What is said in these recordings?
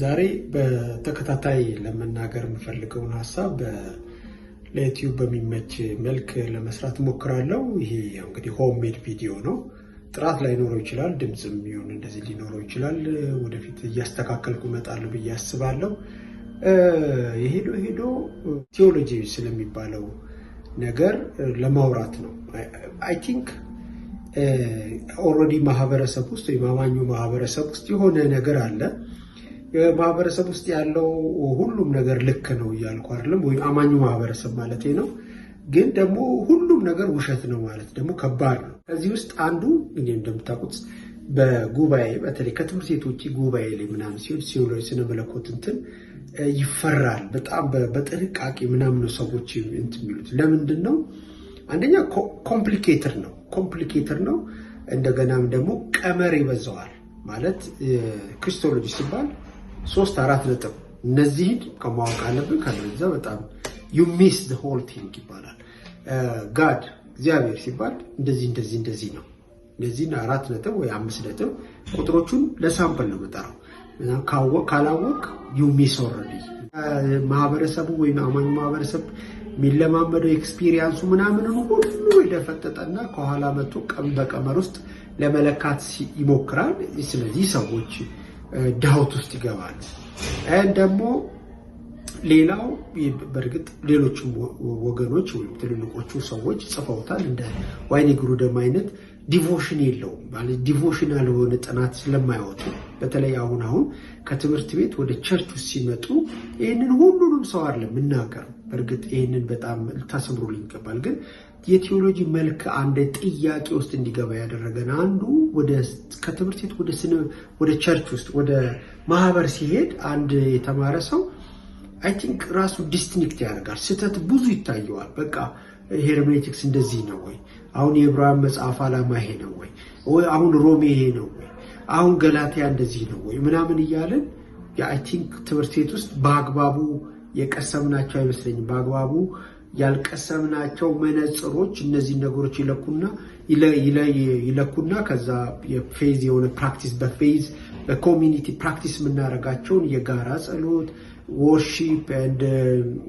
ዛሬ በተከታታይ ለመናገር የምፈልገውን ሀሳብ ለዩትዩብ በሚመች መልክ ለመስራት እሞክራለሁ። ይሄ እንግዲህ ሆምሜድ ሜድ ቪዲዮ ነው። ጥራት ላይኖረው ይችላል፣ ድምፅም ቢሆን እንደዚህ ሊኖረው ይችላል። ወደፊት እያስተካከልኩ እመጣለሁ ብዬ አስባለሁ። የሄዶ ሄዶ ቴዎሎጂ ስለሚባለው ነገር ለማውራት ነው። አይ ቲንክ ኦልሬዲ ማህበረሰብ ውስጥ ወይም አማኙ ማህበረሰብ ውስጥ የሆነ ነገር አለ ማህበረሰብ ውስጥ ያለው ሁሉም ነገር ልክ ነው እያልኩ አይደለም፣ ወይም አማኙ ማህበረሰብ ማለት ነው። ግን ደግሞ ሁሉም ነገር ውሸት ነው ማለት ደግሞ ከባድ ነው። ከዚህ ውስጥ አንዱ እኔ እንደምታውቁት በጉባኤ በተለይ ከትምህርት ቤት ውጭ ጉባኤ ላይ ምናምን ሲሆን ሲሆን ስነ መለኮት እንትን ይፈራል በጣም በጥንቃቄ ምናምን ነው ሰዎች እንትን የሚሉት ለምንድን ነው? አንደኛ ኮምፕሊኬተር ነው ኮምፕሊኬተር ነው። እንደገናም ደግሞ ቀመር ይበዛዋል ማለት ክሪስቶሎጂ ሲባል ሶስት አራት ነጥብ እነዚህን ከማወቅ አለብን። ከዛ በጣም ዩ ሚስ ዘ ሆል ቲንግ ይባላል። ጋድ እግዚአብሔር ሲባል እንደዚህ እንደዚህ እንደዚህ ነው። እነዚህን አራት ነጥብ ወይ አምስት ነጥብ ቁጥሮቹን ለሳምፕል ነው መጠራው። ካላወቅ ዩ ሚስ ኦልሬዲ ማህበረሰቡ ወይም አማኝ ማህበረሰብ የሚለማመደው ኤክስፒሪየንሱ ምናምንን ሁሉ የደፈጠጠና ከኋላ መጥቶ ቀን በቀመር ውስጥ ለመለካት ይሞክራል። ስለዚህ ሰዎች ዳውት ውስጥ ይገባል። ይህን ደግሞ ሌላው በእርግጥ ሌሎችም ወገኖች ወይም ትልልቆቹ ሰዎች ጽፈውታል። እንደ ዋይኔ ግሩደም አይነት ዲቮሽን የለውም ማለት ዲቮሽናል የሆነ ጥናት ስለማይወጡ በተለይ አሁን አሁን ከትምህርት ቤት ወደ ቸርች ውስጥ ሲመጡ ይህንን ሁሉንም ሰው አለ የምናገር። በእርግጥ ይህንን በጣም ልታሰምሩልኝ ይገባል። ግን የቴዎሎጂ መልክ አንድ ጥያቄ ውስጥ እንዲገባ ያደረገን አንዱ ከትምህርት ቤት ወደ ስነ ወደ ቸርች ውስጥ ወደ ማህበር ሲሄድ አንድ የተማረ ሰው አይ ቲንክ ራሱ ዲስትኒክት ያደርጋል። ስህተት ብዙ ይታየዋል። በቃ ሄርሜቲክስ እንደዚህ ነው ወይ? አሁን የዕብራውያን መጽሐፍ ዓላማ ይሄ ነው ወይ? ወይ አሁን ሮሜ ይሄ ነው ወይ? አሁን ገላትያ እንደዚህ ነው ወይ? ምናምን እያለን አይ ቲንክ ትምህርት ቤት ውስጥ በአግባቡ የቀሰምናቸው አይመስለኝም በአግባቡ ያልቀሰምናቸው መነጽሮች እነዚህ ነገሮች ይለኩና ይለኩና ከዛ የፌዝ የሆነ ፕራክቲስ በፌዝ በኮሚኒቲ ፕራክቲስ የምናደርጋቸውን የጋራ ጸሎት፣ ወርሺፕ፣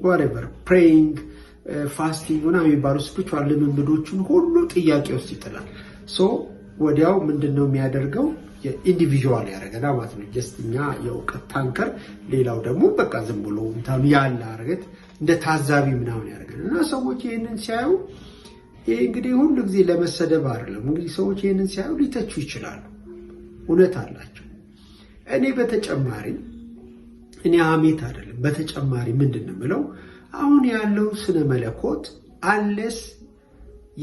ወሬቨር ፕሬይንግ፣ ፋስቲንግ ና የሚባሉ ስፒሪቹዋል ልምምዶችን ሁሉ ጥያቄ ውስጥ ይጥላል። ሶ ወዲያው ምንድን ነው የሚያደርገው? ኢንዲቪዥዋል ያደረገና ማለት ነው። ጀስት እኛ የእውቀት ታንከር፣ ሌላው ደግሞ በቃ ዝም ብሎ ያለ አረገት እንደ ታዛቢ ምናምን ያደርገናል እና ሰዎች ይህንን ሲያዩ ይህ እንግዲህ ሁሉ ጊዜ ለመሰደብ አይደለም። እንግዲህ ሰዎች ይህንን ሲያዩ ሊተቹ ይችላሉ፣ እውነት አላቸው። እኔ በተጨማሪ እኔ ሀሜት አይደለም። በተጨማሪ ምንድን ምለው አሁን ያለው ስነ መለኮት አለስ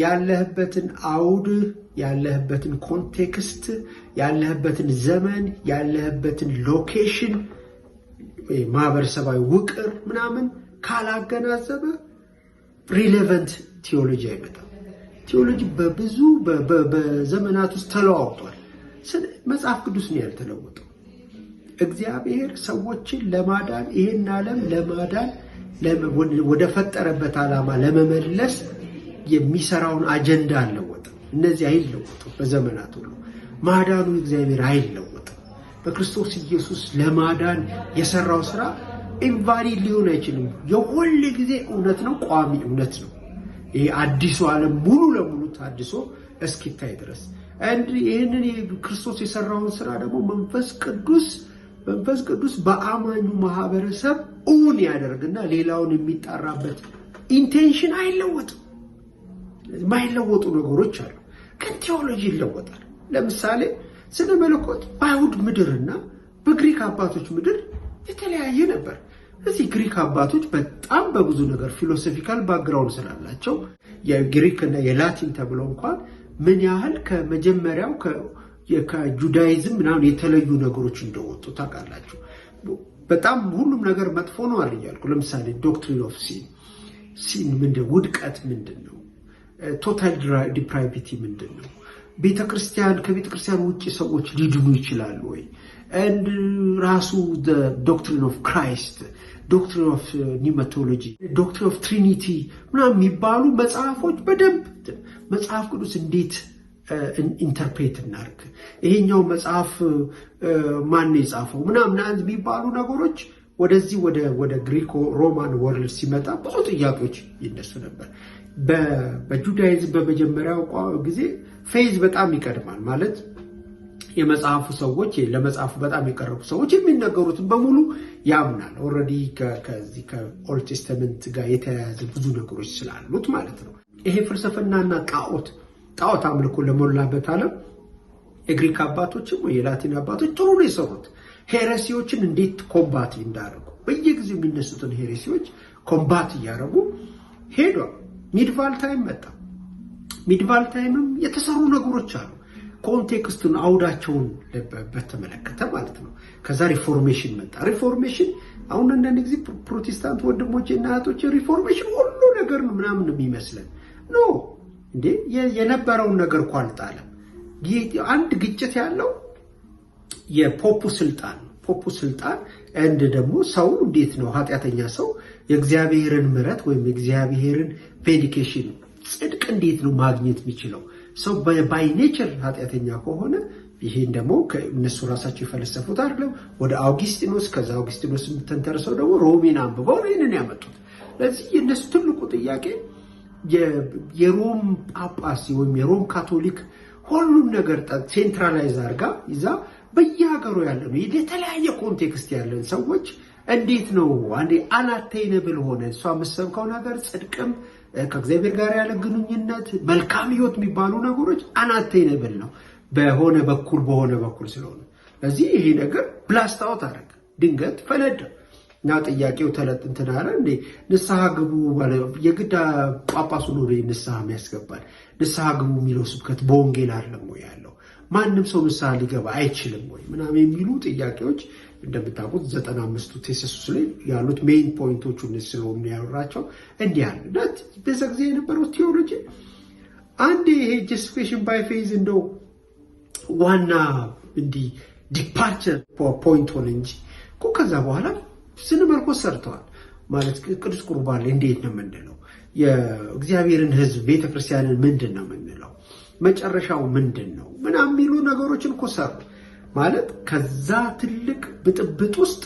ያለህበትን አውድ ያለህበትን ኮንቴክስት ያለህበትን ዘመን ያለህበትን ሎኬሽን ማህበረሰባዊ ውቅር ምናምን ካላገናዘበ ሪሌቨንት ቴዎሎጂ አይመጣም። ቴዎሎጂ በብዙ በዘመናት ውስጥ ተለዋውጧል። መጽሐፍ ቅዱስ ነው ያልተለወጠው። እግዚአብሔር ሰዎችን ለማዳን ይህን ዓለም ለማዳን ወደ ፈጠረበት ዓላማ ለመመለስ የሚሰራውን አጀንዳ አልለወጥም። እነዚህ አይለወጥም። በዘመናት ሁሉ ማዳኑ እግዚአብሔር አይለወጥም። በክርስቶስ ኢየሱስ ለማዳን የሰራው ስራ ኢንቫሊድ ሊሆን አይችልም። የሁል ጊዜ እውነት ነው፣ ቋሚ እውነት ነው። ይሄ አዲሱ ዓለም ሙሉ ለሙሉ ታድሶ እስኪታይ ድረስ አንድ ይህንን ክርስቶስ የሰራውን ስራ ደግሞ መንፈስ ቅዱስ መንፈስ ቅዱስ በአማኙ ማህበረሰብ እውን ያደርግና ሌላውን የሚጠራበት ኢንቴንሽን አይለወጥም። የማይለወጡ ነገሮች አሉ፣ ግን ቴዎሎጂ ይለወጣል። ለምሳሌ ስነ መለኮት በአይሁድ ምድርና በግሪክ አባቶች ምድር የተለያየ ነበር። እዚህ ግሪክ አባቶች በጣም በብዙ ነገር ፊሎሶፊካል ባክግራውንድ ስላላቸው የግሪክ እና የላቲን ተብሎ እንኳን ምን ያህል ከመጀመሪያው ከጁዳይዝም ምናምን የተለዩ ነገሮች እንደወጡ ታውቃላችሁ። በጣም ሁሉም ነገር መጥፎ ነው አለ እያልኩ ለምሳሌ ዶክትሪን ኦፍ ሲን ሲን ምንድን ውድቀት ምንድን ነው? ቶታል ዲፕራይቪቲ ምንድን ነው? ቤተክርስቲያን ከቤተክርስቲያን ውጭ ሰዎች ሊድኑ ይችላሉ ወይ? ራሱ ዶክትሪን ኦፍ ክራይስት ዶክትሪን ኦፍ ኒውማቶሎጂ፣ ዶክትሪን ኦፍ ትሪኒቲ ምናምን የሚባሉ መጽሐፎች በደንብ መጽሐፍ ቅዱስ እንዴት ኢንተርፕሬት እናርግ፣ ይሄኛው መጽሐፍ ማን የጻፈው ምናምን የሚባሉ ነገሮች ወደዚህ ወደ ግሪኮ ሮማን ወርልድ ሲመጣ ብዙ ጥያቄዎች ይነሱ ነበር። በጁዳይዝም በመጀመሪያው ጊዜ ፌዝ በጣም ይቀድማል ማለት የመጽሐፉ ሰዎች ለመጽሐፉ በጣም የቀረቡ ሰዎች የሚነገሩትን በሙሉ ያምናል። ኦልሬዲ ከዚህ ከኦልድ ቴስተመንት ጋር የተያያዘ ብዙ ነገሮች ስላሉት ማለት ነው። ይሄ ፍልስፍናና ጣዖት ጣዖት አምልኮ ለሞላበት ዓለም የግሪክ አባቶችም ወይ የላቲን አባቶች ጥሩ ነው የሰሩት። ሄረሲዎችን እንዴት ኮምባት እንዳደረጉ በየጊዜው የሚነሱትን ሄረሲዎች ኮምባት እያደረጉ ሄዷል። ሚድቫል ታይም መጣ። ሚድቫል ታይምም የተሰሩ ነገሮች አሉ ኮንቴክስቱን አውዳቸውን በተመለከተ ማለት ነው። ከዛ ሪፎርሜሽን መጣ። ሪፎርሜሽን አሁን አንዳንድ ጊዜ ፕሮቴስታንት ወንድሞቼ እና እህቶቼ ሪፎርሜሽን ሁሉ ነገር ምናምን የሚመስለን ኖ እንዴ የነበረውን ነገር እኮ አልጣለም። አንድ ግጭት ያለው የፖፑ ስልጣን ፖፑ ስልጣን እንድ ደግሞ ሰው እንዴት ነው ኃጢአተኛ ሰው የእግዚአብሔርን ምረት ወይም የእግዚአብሔርን ቬዲኬሽን ጽድቅ እንዴት ነው ማግኘት የሚችለው ሰው ባይ ኔቸር ኃጢአተኛ ከሆነ ይሄን ደግሞ እነሱ ራሳቸው የፈለሰፉት አይደለም። ወደ አውጊስጢኖስ ከዛ አውጊስጢኖስ የምተንተርሰው ደግሞ ሮሜን አንብበው ይህንን ያመጡት። ስለዚህ የእነሱ ትልቁ ጥያቄ የሮም ጳጳስ ወይም የሮም ካቶሊክ ሁሉም ነገር ሴንትራላይዝ አርጋ ይዛ በየሀገሩ ያለ ነው የተለያየ ኮንቴክስት ያለን ሰዎች እንዴት ነው አንዴ አናቴነብል ሆነ እሷ የምትሰብከው ነገር ጽድቅም ከእግዚአብሔር ጋር ያለ ግንኙነት፣ መልካም ህይወት የሚባሉ ነገሮች አናተ ነብል ነው በሆነ በኩል በሆነ በኩል ስለሆነ ለዚህ ይሄ ነገር ብላስታወት አደረገ። ድንገት ፈነዳ እና ጥያቄው ተለጥ እንትን አለ እንዴ ንስሐ ግቡ የግዳ ጳጳሱ ነው ንስሐ የሚያስገባል? ንስሐ ግቡ የሚለው ስብከት በወንጌል አይደለም ያለው? ማንም ሰው ንስሐ ሊገባ አይችልም ወይ ምናምን የሚሉ ጥያቄዎች እንደምታውቁት ዘጠና አምስቱ ቴሰሱስ ላይ ያሉት ሜይን ፖይንቶቹ እነዚህ ስለሆኑ የሚያወራቸው እንዲህ አለ። እና በዛ ጊዜ የነበረው ቴዎሎጂ አንድ ይሄ ጀስቲፊኬሽን ባይ ፌዝ እንደው ዋና እንዲህ ዲፓርቸር ፖይንት ሆነ እንጂ እኮ ከዛ በኋላ ስነ መለኮት ሰርተዋል። ማለት ቅዱስ ቁርባን እንዴት ነው የምንለው? የእግዚአብሔርን ሕዝብ ቤተክርስቲያንን ምንድን ነው የምንለው? መጨረሻው ምንድን ነው ምናምን የሚሉ ነገሮችን እኮ ሰሩ። ማለት ከዛ ትልቅ ብጥብጥ ውስጥ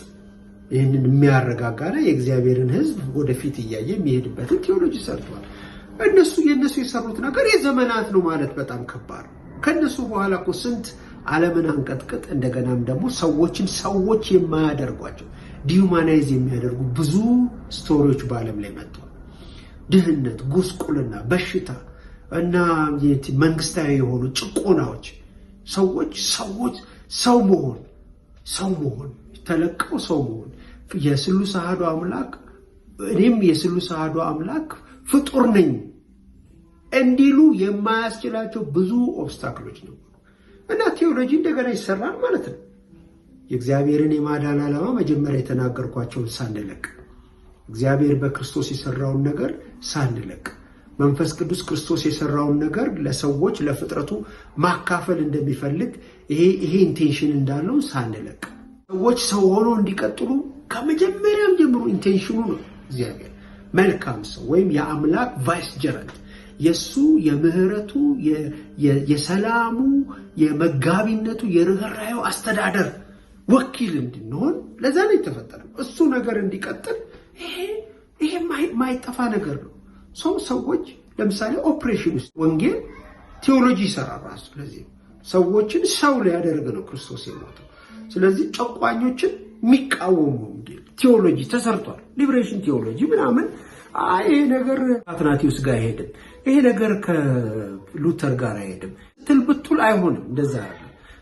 ይህንን የሚያረጋጋና የእግዚአብሔርን ሕዝብ ወደፊት እያየ የሚሄድበትን ቴዎሎጂ ሰርቷል። እነሱ የእነሱ የሰሩት ነገር የዘመናት ነው ማለት በጣም ከባድ ነው። ከእነሱ በኋላ እኮ ስንት ዓለምን አንቀጥቅጥ እንደገናም ደግሞ ሰዎችን ሰዎች የማያደርጓቸው ዲሁማናይዝ የሚያደርጉ ብዙ ስቶሪዎች በዓለም ላይ መጥተዋል። ድህነት፣ ጉስቁልና፣ በሽታ እና መንግስታዊ የሆኑ ጭቆናዎች ሰዎች ሰዎች ሰው መሆን ሰው መሆን ተለቀው ሰው መሆን የስሉስ አሐዱ አምላክ እኔም የስሉስ አሐዱ አምላክ ፍጡር ነኝ እንዲሉ የማያስችላቸው ብዙ ኦብስታክሎች ነው እና ቴዎሎጂ እንደገና ይሰራል ማለት ነው። የእግዚአብሔርን የማዳን ዓላማ መጀመሪያ የተናገርኳቸውን ሳንለቅ እግዚአብሔር በክርስቶስ የሰራውን ነገር ሳንለቅ መንፈስ ቅዱስ ክርስቶስ የሰራውን ነገር ለሰዎች ለፍጥረቱ ማካፈል እንደሚፈልግ ይሄ ኢንቴንሽን እንዳለው ሳንለቅ ሰዎች ሰው ሆኖ እንዲቀጥሉ ከመጀመሪያም ጀምሮ ኢንቴንሽኑ ነው። እግዚአብሔር መልካም ሰው ወይም የአምላክ ቫይስ ጀረንት የእሱ የምህረቱ የሰላሙ የመጋቢነቱ የርኅራዩ አስተዳደር ወኪል እንድንሆን ለዛ ነው የተፈጠረ እሱ ነገር እንዲቀጥል ይሄ ማይጠፋ ነገር ነው። ሰው ሰዎች ለምሳሌ ኦፕሬሽን ውስጥ ወንጌል ቴዎሎጂ ይሰራ ራሱ ለዚህ ሰዎችን ሰው ሊያደርግ ነው ክርስቶስ የሞተው። ስለዚህ ጨቋኞችን የሚቃወሙ ቴዎሎጂ ተሰርቷል። ሊብሬሽን ቴዎሎጂ ምናምን ይሄ ነገር አትናቴዎስ ጋር አይሄድም፣ ይሄ ነገር ከሉተር ጋር አይሄድም ትልብቱል አይሆንም። እንደዛ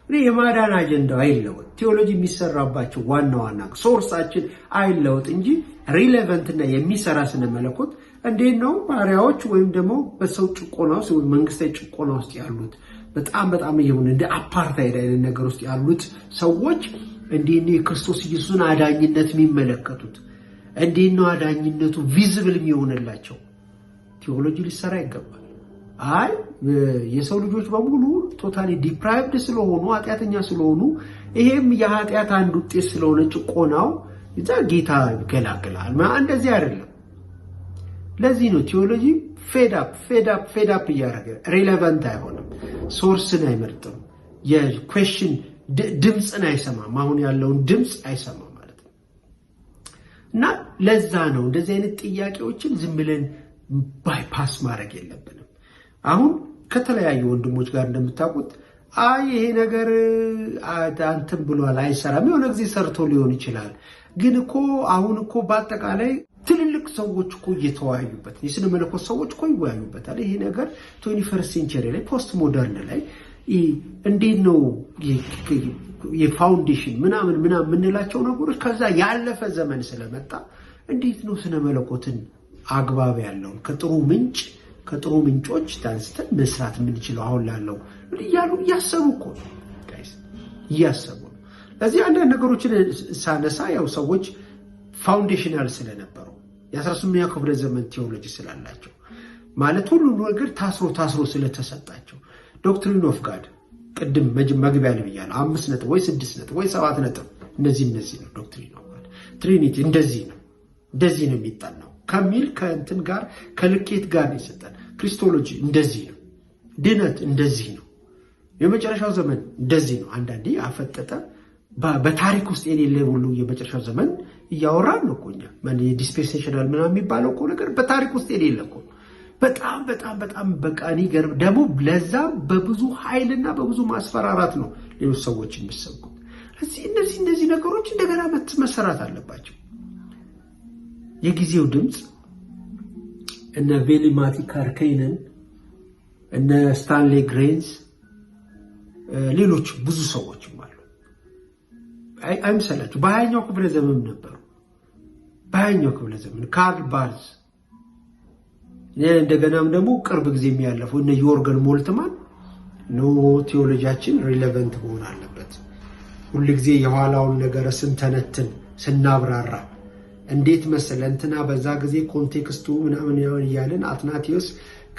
እኔ የማዳን አጀንዳው አይለወጥ፣ ቴዎሎጂ የሚሰራባቸው ዋና ዋና ሶርሳችን አይለወጥ እንጂ ሪሌቨንትና የሚሰራ ስነ መለኮት እንዴት ነው ባሪያዎች ወይም ደግሞ በሰው ጭቆና ውስጥ ወይም መንግስታዊ ጭቆና ውስጥ ያሉት በጣም በጣም የሆነ እንደ አፓርታይድ አይነት ነገር ውስጥ ያሉት ሰዎች እንዲህ ነው የክርስቶስ ኢየሱስን አዳኝነት የሚመለከቱት። እንዲህ ነው አዳኝነቱ ቪዝብል የሚሆንላቸው። ቴዎሎጂ ሊሰራ ይገባል። አይ የሰው ልጆች በሙሉ ቶታሊ ዲፕራይቭድ ስለሆኑ ኃጢአተኛ ስለሆኑ ይሄም የኃጢአት አንድ ውጤት ስለሆነ ጭቆናው እዛ ጌታ ይገላግላል። እንደዚህ አይደለም። ለዚህ ነው ቴዎሎጂ አፕ ፌድ አፕ እያደረገ ሬሌቫንት አይሆንም። ሶርስን አይመርጥም። የኩዌሽን ድምፅን አይሰማም። አሁን ያለውን ድምፅ አይሰማም ማለት ነው። እና ለዛ ነው እንደዚህ አይነት ጥያቄዎችን ዝም ብለን ባይፓስ ማድረግ የለብንም። አሁን ከተለያዩ ወንድሞች ጋር እንደምታውቁት አይ ይሄ ነገር አንተም ብሏል አይሰራም፣ የሆነ ጊዜ ሰርቶ ሊሆን ይችላል። ግን እኮ አሁን እኮ በአጠቃላይ ትልልቅ ሰዎች እኮ እየተወያዩበት የስነ መለኮት ሰዎች እኮ ይወያዩበታል። ይሄ ነገር ቶኒ ፈርስት ሴንቸሪ ላይ ፖስት ሞደርን ላይ እንዴት ነው የፋውንዴሽን ምናምን ምናምን የምንላቸው ነገሮች ከዛ ያለፈ ዘመን ስለመጣ እንዴት ነው ስነ መለኮትን አግባብ ያለውን ከጥሩ ምንጭ ከጥሩ ምንጮች ተንስተን መስራት የምንችለው አሁን ላለው እያሉ እያሰቡ እኮ እያሰቡ ነው። ለዚህ አንዳንድ ነገሮችን ሳነሳ ያው ሰዎች ፋውንዴሽናል ስለነበሩ የ 18 ኛ ክፍለ ዘመን ቴዎሎጂ ስላላቸው ማለት ሁሉ ነገር ታስሮ ታስሮ ስለተሰጣቸው ዶክትሪን ኦፍ ጋድ ቅድም መግቢያ ላይ ብያለሁ። አምስት ነጥብ ወይ ስድስት ነጥብ ወይ ሰባት ነጥብ እነዚህ እነዚህ ነው ዶክትሪን ኦፍ ጋድ ትሪኒቲ እንደዚህ ነው እንደዚህ ነው የሚጠናው ከሚል ከእንትን ጋር ከልኬት ጋር ነው የሰጠን። ክሪስቶሎጂ እንደዚህ ነው፣ ድነት እንደዚህ ነው፣ የመጨረሻው ዘመን እንደዚህ ነው። አንዳንዴ አፈጠጠ በታሪክ ውስጥ የሌለ ሁሉ የመጨረሻው ዘመን እያወራን ነው እኮ እኛ ዲስፔንሴሽናል ምናምን የሚባለው እኮ ነገር በታሪክ ውስጥ የሌለ እኮ በጣም በጣም በጣም በቃ እኔ ገርም ደግሞ ለዛ በብዙ ኃይልና በብዙ ማስፈራራት ነው ሌሎች ሰዎች የሚሰጉት። እነዚህ እነዚህ ነገሮች እንደገና መሰራት አለባቸው። የጊዜው ድምፅ እነ ቬሊማቲ ካርከይነን እነ ስታንሌ ግሬንስ ሌሎች ብዙ ሰዎች አይምሰላችሁ። በሀያኛው ክፍለ ዘመን ነበሩ። በሀያኛው ክፍለ ዘመን ካርል ባርዝ፣ እንደገናም ደግሞ ቅርብ ጊዜ የሚያለፈው እነ ዮርገን ሞልትማን ኖ ቴዎሎጂያችን ሪሌቨንት መሆን አለበት። ሁልጊዜ የኋላውን ነገር ስንተነትን ስናብራራ እንዴት መሰለ እንትና በዛ ጊዜ ኮንቴክስቱ ምናምን እያለን አትናቴዎስ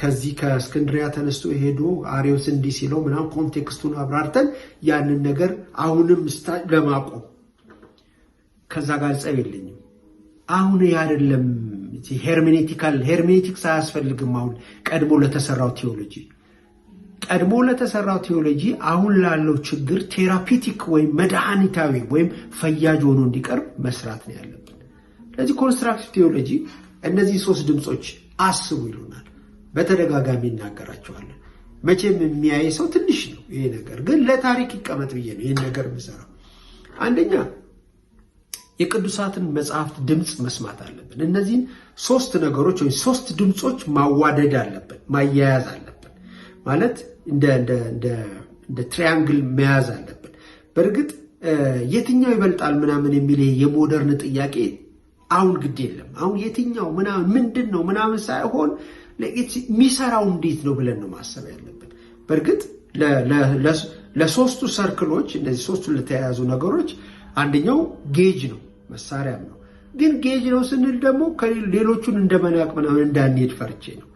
ከዚህ ከእስክንድሪያ ተነስቶ ሄዶ አሬዎስ እንዲህ ሲለው ምናምን ኮንቴክስቱን አብራርተን ያንን ነገር አሁንም ለማቆም ከዛ ጋር ጸብ የለኝም። አሁን አይደለም ሄርሜኔቲካል ሄርሜኔቲክስ አያስፈልግም። አሁን ቀድሞ ለተሰራው ቴዎሎጂ ቀድሞ ለተሰራው ቴዎሎጂ አሁን ላለው ችግር ቴራፒቲክ ወይም መድኃኒታዊ ወይም ፈያጅ ሆኖ እንዲቀርብ መስራት ነው ያለብን። ስለዚህ ኮንስትራክቲቭ ቴዎሎጂ እነዚህ ሶስት ድምፆች አስቡ ይሉናል። በተደጋጋሚ እናገራቸዋለን። መቼም የሚያይ ሰው ትንሽ ነው። ይሄ ነገር ግን ለታሪክ ይቀመጥ ብዬ ነው ይህን ነገር የምሰራው። አንደኛ የቅዱሳትን መጽሐፍት ድምፅ መስማት አለብን። እነዚህን ሶስት ነገሮች ወይም ሶስት ድምፆች ማዋደድ አለብን፣ ማያያዝ አለብን። ማለት እንደ ትሪያንግል መያዝ አለብን። በእርግጥ የትኛው ይበልጣል ምናምን የሚል የሞደርን ጥያቄ አሁን ግድ የለም። አሁን የትኛው ምናምን ምንድን ነው ምናምን ሳይሆን የሚሰራው እንዴት ነው ብለን ነው ማሰብ ያለብን። በእርግጥ ለሶስቱ ሰርክሎች እነዚህ ሶስቱ ለተያያዙ ነገሮች አንደኛው ጌጅ ነው መሳሪያም ነው። ግን ጌጅ ነው ስንል ደግሞ ሌሎቹን እንደመናቅ ምናምን እንዳንሄድ ፈርቼ ነው።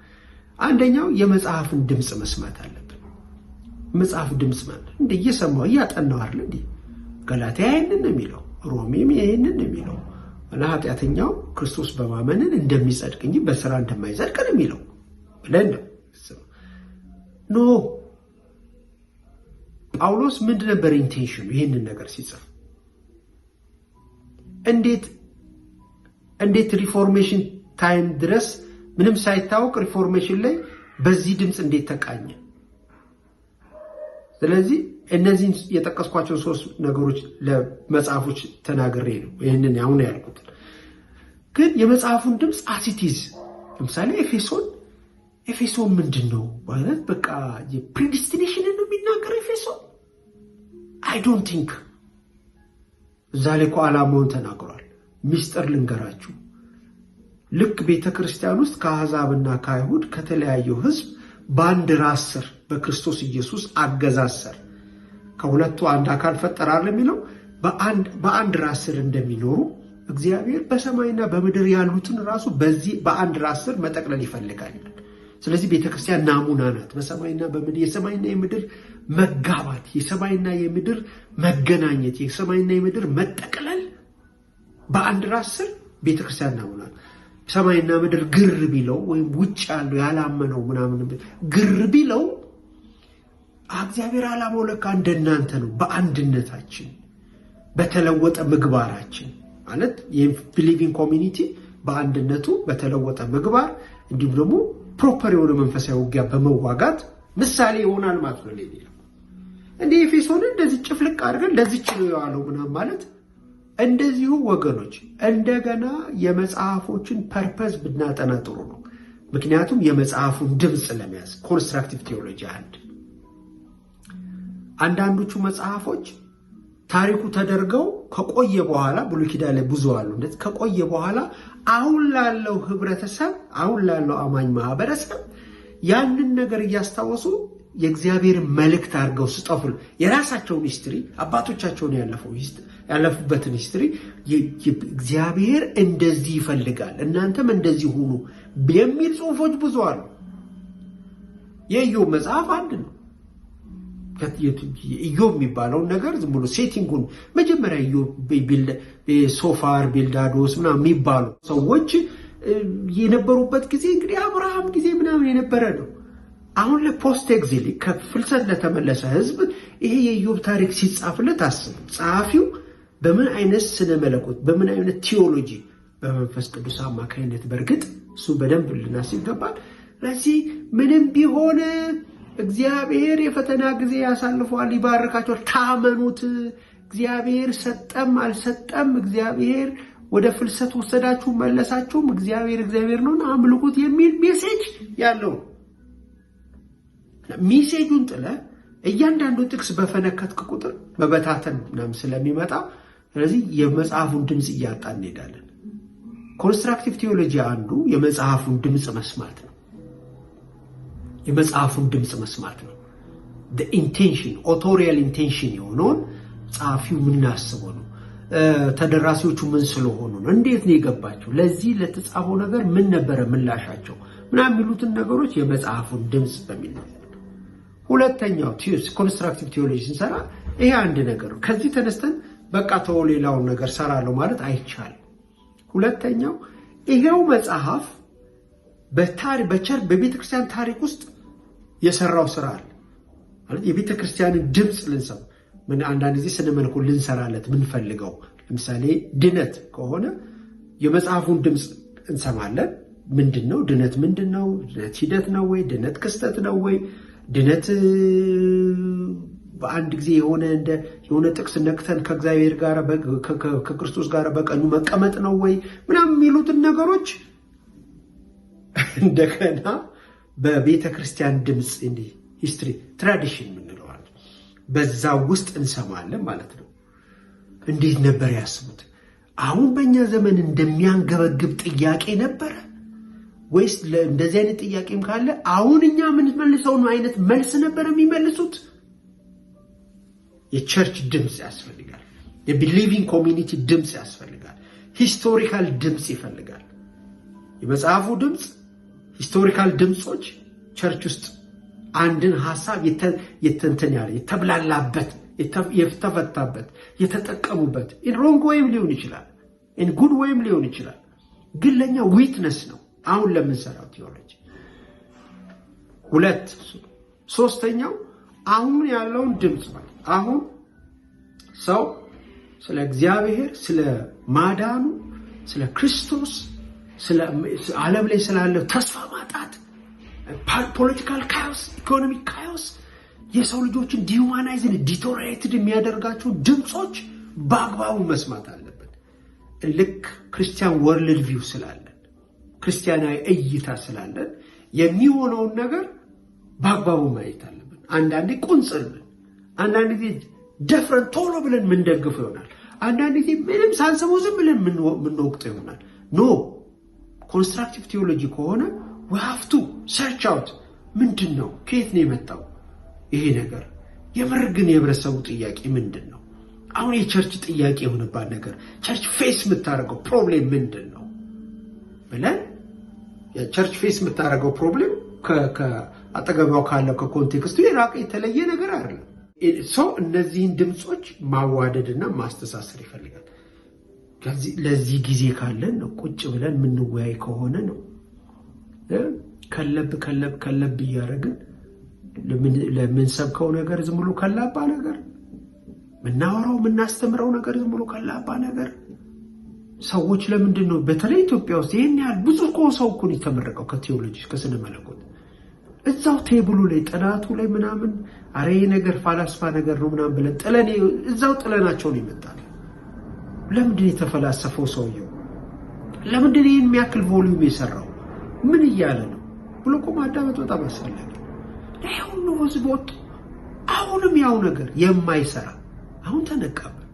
አንደኛው የመጽሐፍን ድምፅ መስማት አለብን። መጽሐፍ ድምፅ ማለት እንደ እየሰማሁ እያጠናሁ አይደል እንዴ? ገላትያ ይህንን የሚለው፣ ሮሜም ይህንን የሚለው እና ኃጢአተኛው ክርስቶስ በማመንን እንደሚጸድቅ እንጂ በስራ እንደማይጸድቅ ነው የሚለው ብለን ነው ኖ ጳውሎስ ምንድ ነበር ኢንቴንሽኑ? ይህንን ነገር ሲጽፍ እንዴት እንዴት ሪፎርሜሽን ታይም ድረስ ምንም ሳይታወቅ ሪፎርሜሽን ላይ በዚህ ድምፅ እንዴት ተቃኘ? ስለዚህ እነዚህን የጠቀስኳቸውን ሶስት ነገሮች ለመጽሐፎች ተናግሬ ነው ይህንን አሁን ያልኩት። ግን የመጽሐፉን ድምፅ አሲቲዝ ለምሳሌ ኤፌሶን ኤፌሶን ምንድን ነው ማለት በቃ የፕሪዲስቲኔሽንን ነው የሚናገር ኤፌሶን። አይ ዶንት ቲንክ እዛ ላይ እኮ ዓላማውን ተናግሯል። ሚስጥር ልንገራችሁ ልክ ቤተ ክርስቲያን ውስጥ ከአሕዛብና ከአይሁድ ከተለያየው ሕዝብ በአንድ ራስ ስር በክርስቶስ ኢየሱስ አገዛዝ ስር ከሁለቱ አንድ አካል ፈጠራል የሚለው በአንድ ራስ ስር እንደሚኖሩ እግዚአብሔር በሰማይና በምድር ያሉትን ራሱ በዚህ በአንድ ራስ ስር መጠቅለል ይፈልጋል። ስለዚህ ቤተክርስቲያን ናሙና ናት። በሰማይና በምድር የሰማይና የምድር መጋባት፣ የሰማይና የምድር መገናኘት፣ የሰማይና የምድር መጠቅለል በአንድ ራስ ስር ቤተክርስቲያን ናሙና ናት። ሰማይና ምድር ግር ቢለው ወይም ውጭ ያለው ያላመነው ምናምን ግር ቢለው እግዚአብሔር ዓላማው ለካ እንደናንተ ነው። በአንድነታችን በተለወጠ ምግባራችን ማለት የቢሊቪንግ ኮሚኒቲ በአንድነቱ በተለወጠ ምግባር እንዲሁም ደግሞ ፕሮፐር የሆነ መንፈሳዊ ውጊያ በመዋጋት ምሳሌ ይሆናል ማለት ነው። ሌላ እንደ ኤፌሶንን እንደዚህ ጭፍልቅ አድርገን ለዚች ነው የዋለው ምናምን ማለት እንደዚሁ ወገኖች እንደገና የመጽሐፎችን ፐርፐዝ ብናጠና ጥሩ ነው። ምክንያቱም የመጽሐፉን ድምፅ ለመያዝ ኮንስትራክቲቭ ቴዎሎጂ አንድ አንዳንዶቹ መጽሐፎች ታሪኩ ተደርገው ከቆየ በኋላ ብሉይ ኪዳን ላይ ብዙ አሉ። እንደዚህ ከቆየ በኋላ አሁን ላለው ህብረተሰብ፣ አሁን ላለው አማኝ ማህበረሰብ ያንን ነገር እያስታወሱ የእግዚአብሔርን መልእክት አድርገው ስጠፉል የራሳቸውን ሂስትሪ አባቶቻቸውን ያለፉበትን ሂስትሪ እግዚአብሔር እንደዚህ ይፈልጋል እናንተም እንደዚህ ሁኑ የሚል ጽሁፎች ብዙ አሉ። የዮ መጽሐፍ አንድ ነው። ኢዮብ የሚባለው ነገር ዝም ብሎ ሴቲንጉን መጀመሪያ ሶፋር ቤልዳዶስ ምናምን የሚባሉ ሰዎች የነበሩበት ጊዜ እንግዲህ አብርሃም ጊዜ ምናምን የነበረ ነው። አሁን ለፖስት ኤግዚል ከፍልሰት ለተመለሰ ህዝብ ይሄ የኢዮብ ታሪክ ሲጻፍለት አስብ ጸሐፊው በምን አይነት ስነ መለኮት በምን አይነት ቲዮሎጂ በመንፈስ ቅዱስ አማካኝነት በእርግጥ እሱ በደንብ ልናስ ይገባል። ለዚህ ምንም ቢሆን እግዚአብሔር የፈተና ጊዜ ያሳልፈዋል፣ ይባርካቸዋል። ታመኑት። እግዚአብሔር ሰጠም አልሰጠም፣ እግዚአብሔር ወደ ፍልሰት ወሰዳችሁ መለሳችሁም፣ እግዚአብሔር እግዚአብሔር ነው አምልኩት የሚል ሜሴጅ ያለው ሚሴጁን ጥለ እያንዳንዱ ጥቅስ በፈነከትክ ቁጥር መበታተን ምናምን ስለሚመጣ ስለዚህ የመጽሐፉን ድምፅ እያጣ እንሄዳለን። ኮንስትራክቲቭ ቴዎሎጂ አንዱ የመጽሐፉን ድምፅ መስማት ነው። የመጽሐፉን ድምፅ መስማት ነው። ኢንቴንሽን ኦቶሪያል ኢንቴንሽን የሆነውን ጸሐፊው የምናስበው ነው። ተደራሲዎቹ ምን ስለሆኑ ነው፣ እንዴት ነው የገባቸው፣ ለዚህ ለተጻፈው ነገር ምን ነበረ ምላሻቸው ምናም የሚሉትን ነገሮች የመጽሐፉን ድምፅ በሚል ነው። ሁለተኛው ኮንስትራክቲቭ ቴዎሎጂ ስንሰራ ይሄ አንድ ነገር ነው። ከዚህ ተነስተን በቃ ተወው ሌላውን ነገር ሰራለሁ ማለት አይቻልም። ሁለተኛው ይሄው መጽሐፍ በቤተክርስቲያን ታሪክ ውስጥ የሰራው ስራ አለ። የቤተ ክርስቲያንን ድምፅ ልንሰው ምን አንዳንድ ጊዜ ስነ መልኩ ልንሰራለት ምንፈልገው ለምሳሌ ድነት ከሆነ የመጽሐፉን ድምፅ እንሰማለን። ምንድን ነው ድነት? ምንድን ነው ድነት? ሂደት ነው ወይ ድነት? ክስተት ነው ወይ ድነት? በአንድ ጊዜ የሆነ እንደ የሆነ ጥቅስ ነክተን ከእግዚአብሔር ጋር ከክርስቶስ ጋር በቀኙ መቀመጥ ነው ወይ ምናምን የሚሉትን ነገሮች እንደገና በቤተ ክርስቲያን ድምፅ ሂስትሪ ትራዲሽን የምንለዋል በዛ ውስጥ እንሰማለን ማለት ነው። እንዴት ነበር ያስቡት? አሁን በእኛ ዘመን እንደሚያንገበግብ ጥያቄ ነበረ ወይስ እንደዚህ አይነት ጥያቄም ካለ አሁን እኛ የምንመልሰውን አይነት መልስ ነበር የሚመልሱት? የቸርች ድምፅ ያስፈልጋል። የቢሊቪንግ ኮሚኒቲ ድምፅ ያስፈልጋል። ሂስቶሪካል ድምፅ ይፈልጋል። የመጽሐፉ ድምፅ ሂስቶሪካል ድምፆች ቸርች ውስጥ አንድን ሀሳብ የተንትን ያለ የተብላላበት የተፈታበት የተጠቀሙበት ሮንግ ወይም ሊሆን ይችላል፣ ጉድ ወይም ሊሆን ይችላል። ግን ለእኛ ዊትነስ ነው አሁን ለምንሰራው ቴዎሎጂ። ሁለት ሶስተኛው አሁን ያለውን ድምፅ ማለት አሁን ሰው ስለ እግዚአብሔር ስለ ማዳኑ ስለ ክርስቶስ ዓለም ላይ ስላለው ተስፋ ማጣት፣ ፖለቲካል ካዮስ፣ ኢኮኖሚ ካዮስ የሰው ልጆችን ዲሁማናይዝን ዲቶሬትድ የሚያደርጋቸው ድምፆች በአግባቡ መስማት አለብን። ልክ ክርስቲያን ወርልድ ቪው ስላለን ክርስቲያናዊ እይታ ስላለን የሚሆነውን ነገር በአግባቡ ማየት አለብን። አንዳንዴ ቁንጽል ብን አንዳንድ ጊዜ ደፍረን ቶሎ ብለን ምንደግፈው ይሆናል። አንዳንድ ጊዜ ምንም ሳንሰማው ዝም ብለን ምንወቅጠው ይሆናል። ኖ ኮንስትራክቲቭ ቴዎሎጂ ከሆነ ወሀፍቱ ሰርች አውት ምንድን ነው? ከየት ነው የመጣው ይሄ ነገር? የምር ግን የህብረተሰቡ ጥያቄ ምንድን ነው? አሁን የቸርች ጥያቄ የሆነባት ነገር ቸርች ፌስ የምታደርገው ፕሮብሌም ምንድን ነው ብለን ቸርች ፌስ የምታደርገው ፕሮብሌም አጠገባው ካለው ከኮንቴክስቱ የራቀ የተለየ ነገር አይደለም። ሰው እነዚህን ድምፆች ማዋደድ እና ማስተሳሰር ይፈልጋል። ለዚህ ጊዜ ካለን ነው። ቁጭ ብለን የምንወያይ ከሆነ ነው። ከለብ ከለብ ከለብ እያደረግን ለምንሰብከው ነገር ዝም ብሎ ከላባ ነገር ምናወራው የምናስተምረው ነገር ዝም ብሎ ከላባ ነገር ሰዎች ለምንድን ነው በተለይ ኢትዮጵያ ውስጥ ይህን ያህል ብዙ እኮ ሰው እኮ የተመረቀው ከቴዎሎጂ ከስነ መለኮት እዛው ቴብሉ ላይ ጥናቱ ላይ ምናምን አረ ነገር ፋላስፋ ነገር ነው ምናምን ብለን ጥለን እዛው ጥለናቸውን ይመጣል። ለምንድን የተፈላሰፈው ሰውየው? ለምንድን ይህን የሚያክል ቮሉም የሰራው? ምን እያለ ነው ብሎ እኮ ማዳመጥ በጣም አስፈላጊ። ሁሉ ህዝብ ወጥቶ አሁንም ያው ነገር የማይሰራ አሁን ተነቃብን።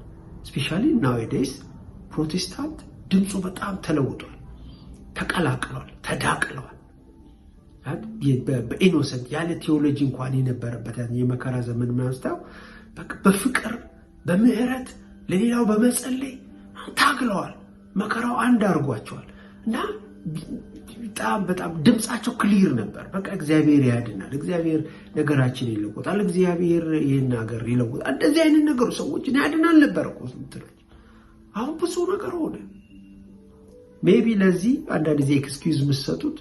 ስፔሻሊ ናዌዴይስ ፕሮቴስታንት ድምፁ በጣም ተለውጧል፣ ተቀላቅሏል፣ ተዳቅለዋል። በኢኖሰንት ያለ ቴዎሎጂ እንኳን የነበረበት የመከራ ዘመን ማስታው በፍቅር በምህረት ለሌላው በመጸለይ ታግለዋል። መከራው አንድ አድርጓቸዋል እና በጣም በጣም ድምፃቸው ክሊር ነበር። በቃ እግዚአብሔር ያድናል፣ እግዚአብሔር ነገራችን ይለውጣል፣ እግዚአብሔር ይህን ሀገር ይለውጣል። እንደዚህ አይነት ነገሩ ሰዎችን ያድናል ነበር እኮ አሁን ብዙ ነገር ሆነ። ሜቢ ለዚህ አንዳንድ ጊዜ ኤክስኪውዝ የምትሰጡት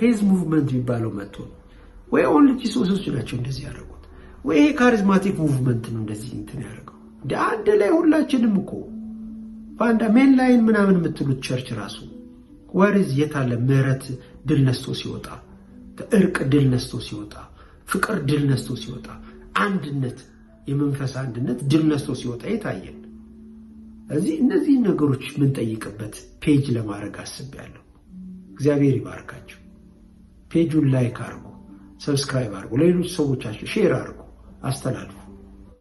ፌዝ ሙቭመንት የሚባለው መጥቶ ወይ ኦንሊ ጂሰሶች ናቸው እንደዚህ ያደረጉት ወይ ይሄ ካሪዝማቲክ ሙቭመንት ነው እንደዚህ እንትን አንድ ላይ ሁላችንም እኮ ባንዳ ሜን ላይን ምናምን የምትሉት ቸርች ራሱ ወርዝ የት አለ? ድል ነስቶ ሲወጣ፣ እርቅ ድል ነስቶ ሲወጣ፣ ፍቅር ድል ነስቶ ሲወጣ፣ አንድነት የመንፈስ አንድነት ድል ነስቶ ሲወጣ የታየን እዚህ እነዚህ ነገሮች የምንጠይቅበት ፔጅ ለማድረግ አስቤያለሁ። እግዚአብሔር ይባርካችሁ። ፔጁን ላይክ አርጉ፣ ሰብስክራይብ አርጉ፣ ለሌሎች ሰዎቻችሁ ሼር አርጉ፣ አስተላልፉ።